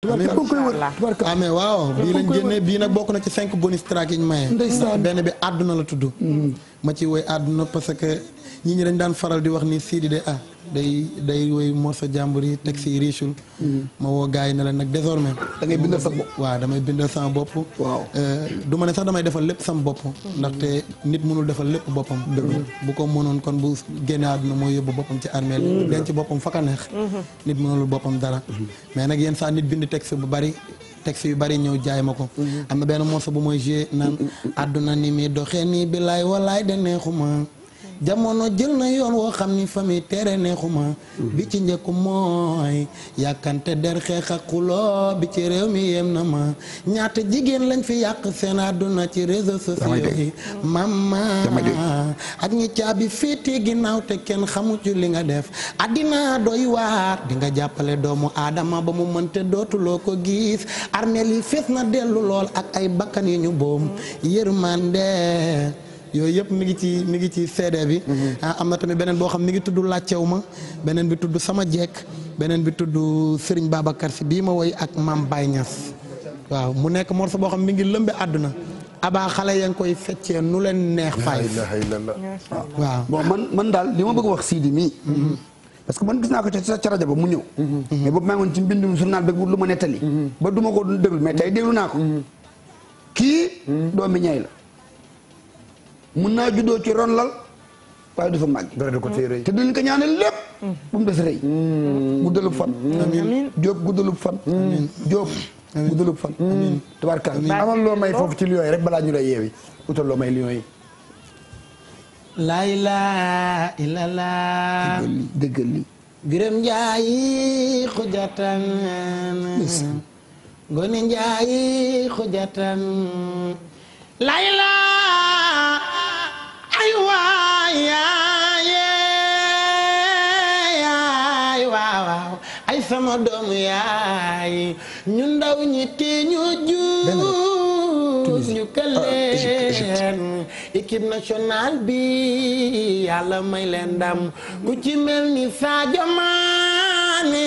amiin waw mais waaw bii lañ génnee bii nag bokk na ci cinq bonus track yi ñu maye. benn bi àdduna la tudd. Mm. ma ci woy àdduna parce que ñi ñi dañ daan faral di wax ni Sidi de ah day day woy morso jàmbur yi teg si richul mm. ma woo gaa yi ne la nag désormais da ngay bindal sa bopp damay bindal sama bopp waaw euh, du ma ne sax damay defal lépp sama bopp ndaxte nit mënul defal lépp boppam bu ko mënoon kon bu génne àdduna mooy yóbbu boppam ci armeel mm. ci boppam fa mm-hmm. nit mënul boppam dara mm-hmm. mais nag yenn saa nit bind texte bu bari texte yu bari ñëw jaay ma ko mm-hmm. am na benn morceau bu mooy joué naan mm-hmm. àdduna ni mii doxee nii bilaay walaay de neexuma jamono jël na yoon woo xam ni fami tere neexu ma mhm. bi ci njëkk mooy yàkkante der xeex ak xuloo bi ci réew mi yem na ma ñaata jigéen lañ fi yàq seen àdduna ci réseaux sociaux yi mama ak ñi caabi féete ginnaaw te kenn xamu ci li nga def addina doy waar di nga jàppale doomu aadama ba mu mënte dootuloo ko gis armeel yi fees na dellu lool ak ay bakkan yu ñu boom mhm. yërmande yooyu yëpp mi ngi ci mi ngi ci seede bi. Mhm. Ah, am na tamit beneen boo xam mi ngi tudd làccew ma beneen bi tudd sama jekk beneen bi tudd Serigne Babacar si bii ma woy ak Mame Baye Niass waaw mu nekk morceau boo xam mi ngi lëmbe àdduna. abaa xale yaa ngi koy feccee nu leen neex. fay ah, waaw bon man man daal li ma bëgg wax Sidi mii. Mhm. parce que man gis naa ko ca ca ba mu ñëw. Mhm. mais boobu maa ngi woon ci mbindum journal bi lu ma nettali. ba duma ma ko déglu mais tey déglu naa ko. kii doomi ñay la. mun naa juddoo ci ron lal waaye du fa màgg. dara du ko tey rëy te dinañ ko ñaanal lépp. bu mu des rëy. Mm. guddalub fan. amiin Diop guddalub fan. amiin Diop fan. amiin tubaarkalla amal loo foofu ci lion yi rek balaa ñu lay yeewi utal loo may lion yi. laa ilaaha illallaah. dëggal li Biram Njaayi xujatan. Ngone Njaayi xujatan. laa doomu yaay ñu ndaw ñi te ñu juuf ñu kaleen ah, équipe nationale bi yàlla may leen ndam ku ci mel ni Sadio Mané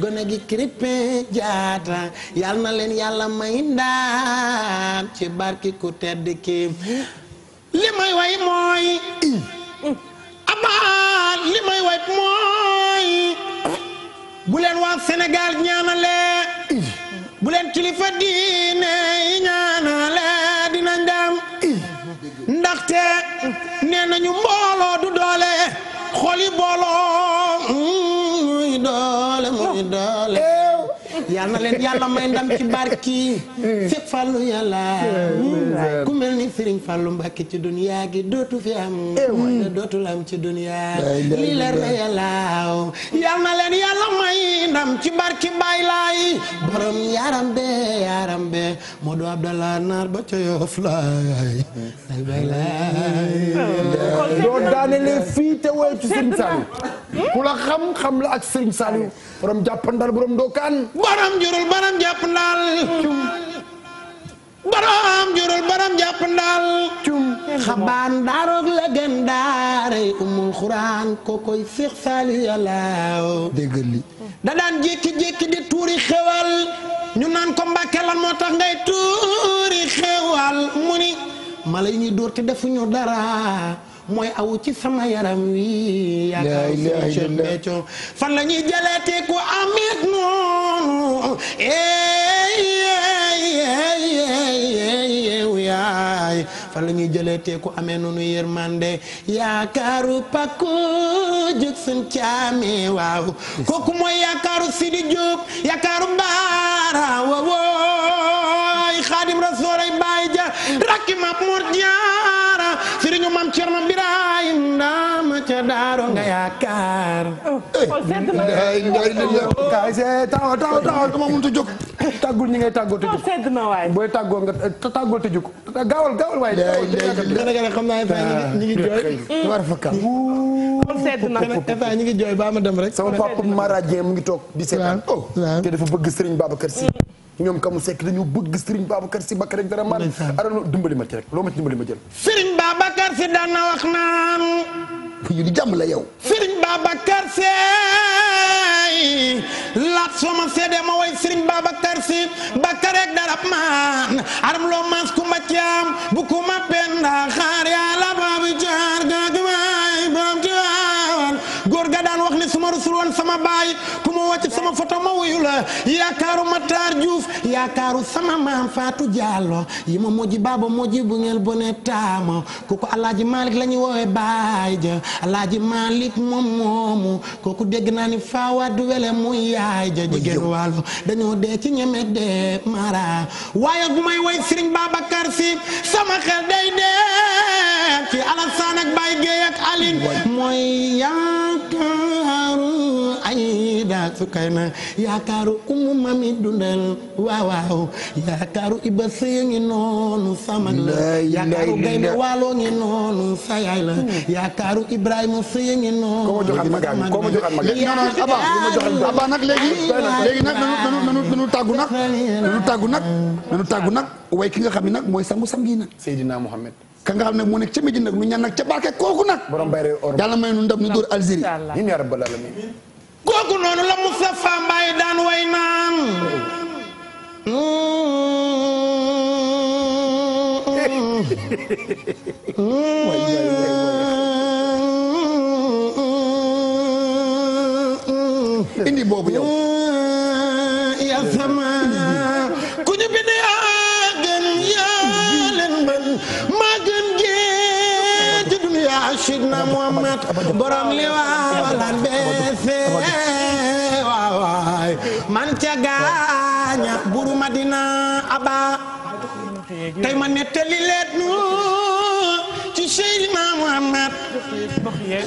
gone gi Krépin Diatta yàlla na leen yàlla may ndam ci barki ku tedd ki li may way mooy mm. ama li may way mooy bu leen waa Sénégal ñaanalee bu leen kilifa diine yi ñaanalee dinañ dem ndaxte nee nañu mbooloo du doole xoli booloo muy doole muy doole yal na leen yàlla may ndam ci barki hmm. fépp fàllu yàlla hmm. Hmm. ku ni Serigne Fallou Mbacké ci duniyaa gi dootu fi am te eh, dootul am ci duniyaa lii leer na yàlla yal leen yàlla may ndam ci barki Baay Laay borom yaram be yaram be Modou Abdallah naar ba coyof laay Baay oh. daane lee fii te way ci ku la xam xam la ak Serigne Saliou borom jàppandal borom ndokaan borom jurul borom jàppandal borom jurul borom jàppandal xabaan daaroog la gën daaray umul xuraan kookoy Seex Saliou yàllaaw déggal li da daan jékki-jékki di tuuri xewal ñu naan ko mbàkke lan moo tax ngay tuuri xewal mu ni mala yi ñuy te defuñu dara mooy aw ci sama yaram wi yaakaar si Cheikh Béthio fan la ñuy jëlati ku amit noonu yaay fan la ñuy jëlati ku amee noonu yërmande yaakaaru pako jóg seen caame waaw kooku mooy yaakaaru Sidi Diop yaakaaru Baara waawoy Xaadim Rasool ay Baay Ja rakki ma Mor Dia maam Cerno Birahim Ndaam ca Daaro nga yaakaar. kaay see taxaw taxaw taxaw dama mënut a jóg. tàggul ñi ngay tàggoo te jóg sedd na waay booy tàggoo nga tàggoo te jóg gaawal gaawal waay. léegi xam naa ñu ngi jooy. war fa kam. kon sedd na état ñu ngi jooy ba ma dem rek. sama papa Mara Dieng mu ngi toog di seetaan. te dafa bëgg Serigne Babacar Sy. ñoom kamu sekk dañu bëgg Serigne Babacar Sy Bakar rek dara man arano dimbali ma ci rek aram loo ku ma caam bu ku ma xaar yaa la woon sama baay ku ma sama foto ma wuyu la yaakaaru Matar Diouf yaakaaru sama yi ma moji baaba moji bu ngeen bone taama kooku alaaji Malick la ñu dégg naa ni faawaat wele muy dañoo dee ci ñeme waaye bu may woy Serigne Babacar Sy sama xel day dee ci Alassane ak Baye Gueye ak mooy yaa sukay na yaakaaru umu mami dundal waaw waaw yaakaaru iba sëya ngi noonu la yaakaaru gaynde waaloo ngi noonu sa yaay la yaakaaru ibrahima sëya ngi noonu ko ma joxaat nanu nanu nanu tàggu nag nanu tàggu nag nanu tàggu nag way ki nga xam ne nag mooy sangu sam gi nag Seydina Mohamed ka nga xam ne moo nekk ca Médine nag nu ñaan nag ca barke kooku nag borom bayre or nu ndam nu kooku noonu la Moustapha Mbaye daan way naan indi boobu yow mat borom li waawalan beese waawaay man ca gaaña buru madina aba tey ma nettali leet nu ci Seydina Muhammad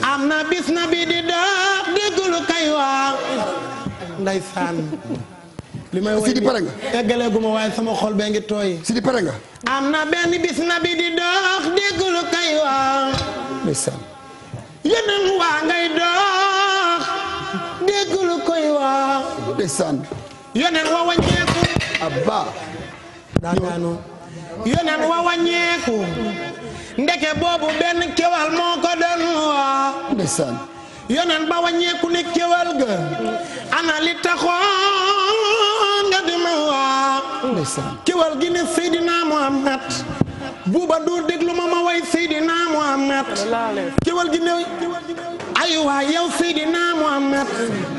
am na bis bi di dox déggulu kay waaw ndeysaan li may woy pare nga eggale waaye sama xol bee ngi tooy Sidi pare nga am na benn bis bi di dox déggulu kay waaw yeneen waa ngay dox déggul koy waa ndeysaan yeneen wa wàññeeku ndeke boobu benn kewal moo ko doon waa ndeysaan yeneen ba wàññeeku ne kewal ga ana li taxoon nga di waa kewal gi ne Seydina Muhammad buuba doo déglu ma ma way Seydina Muhammad kéwal gi ne ay waa yow Seydina Muhammad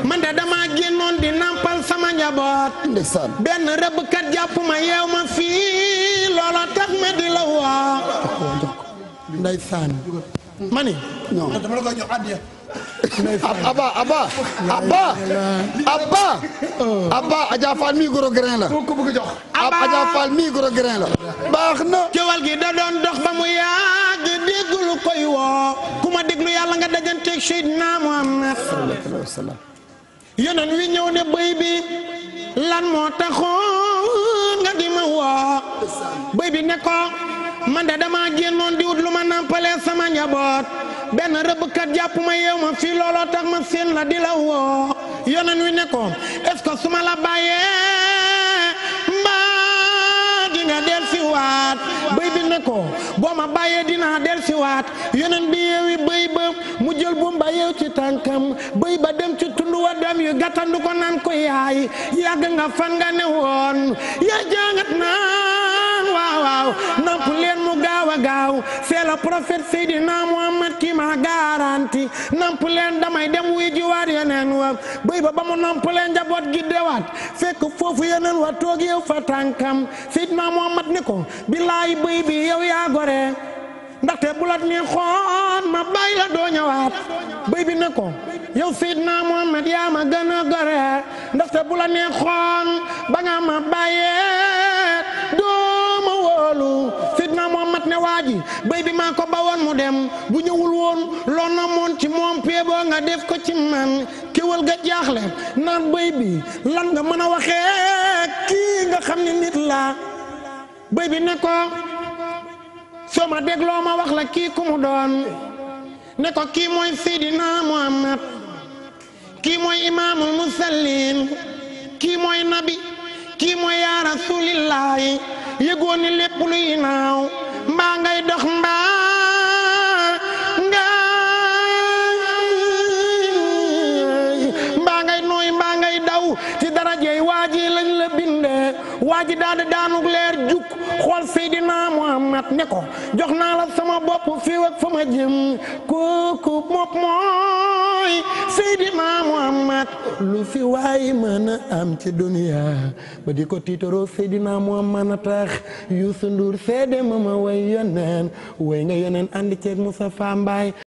man de dama génnoon di nampal sama njaboot benn rëbbkat jàpp ma yeew ma fii loola tax ma di la woo Abba Abba Abba Abba Abba Adja Fall mii baax na. kewal gi da doon dox ba mu yàgg déggul koy woo ku ma yàlla nga dajanteeg Seydina Muhammad. yeneen wi ñëw ne bëy bi lan moo taxoon nga di ma woo bëy bi ne ko man de dama génnoon di wut ma nampalee sama njaboot. benn rëbbkat jàpp ma yeew ma fii looloo tax ma seen la di la woo yonen wi ne ko est-ce que su ma la bàyyee mbaa di del si waat bëy bi ne ko booma ma bàyyee dinaa del si waat yonen bi yeewi bëy ba mu jël buum ba yeew ci tànkam bëy ba dem ci tund wa dem yu ko naan ko yaay yàgg nga fan nga ne woon c'est le prophète Seydina Muhammad ki ma garanti damay dem wuy jiwaat yeneen wa bëy ba ba mu namp leen njaboot gi dewaat fekk foofu yeneen wa toog yow fa tànkam Seydina Muhammad ni ko billaay bëy bi yow yaa gore ndaxte bulat ni xoon ma bàyyi la doo ñëwaat bëy bi ne ko yow Seydina Muhammad yaa ma gën gore ndaxte bu la neexoon ba nga ma bàyyee doo ma wóolu nag ne waa ji bi maa ko bawoon mu dem bu ñëwul woon loo namoon ci moom peeboo nga def ko ci man kéwal ga jaaxle naan béy bi lan nga mën a waxee kii nga xam ne nit la béy bi ne ko soo ma dégloo ma wax la kii ku mu ne ko kii mooy Seydina Muhammad kii mooy imaamul musallin kii mooy nabi kii mooy yaa rasulillahi yëgoon ni lépp luy mbaa ngay dox mbaa ngay mbaa ngay nooy mbaa ngay daw ci darajey waa ji lañ la bindee waa ji daal di daanug juk xool naa Muhammad ne ko jox naa la sama bopp fii ak fa ma jëm kooku mopp mooy Seydina Muhammad lu fi waay mën a am ci dunya ba di ko tiitaroo Seydina Muhammad a tax Youssou Ndour seede ma ma way yoneen way nga yoneen ànd ceeg Moussa Fambaay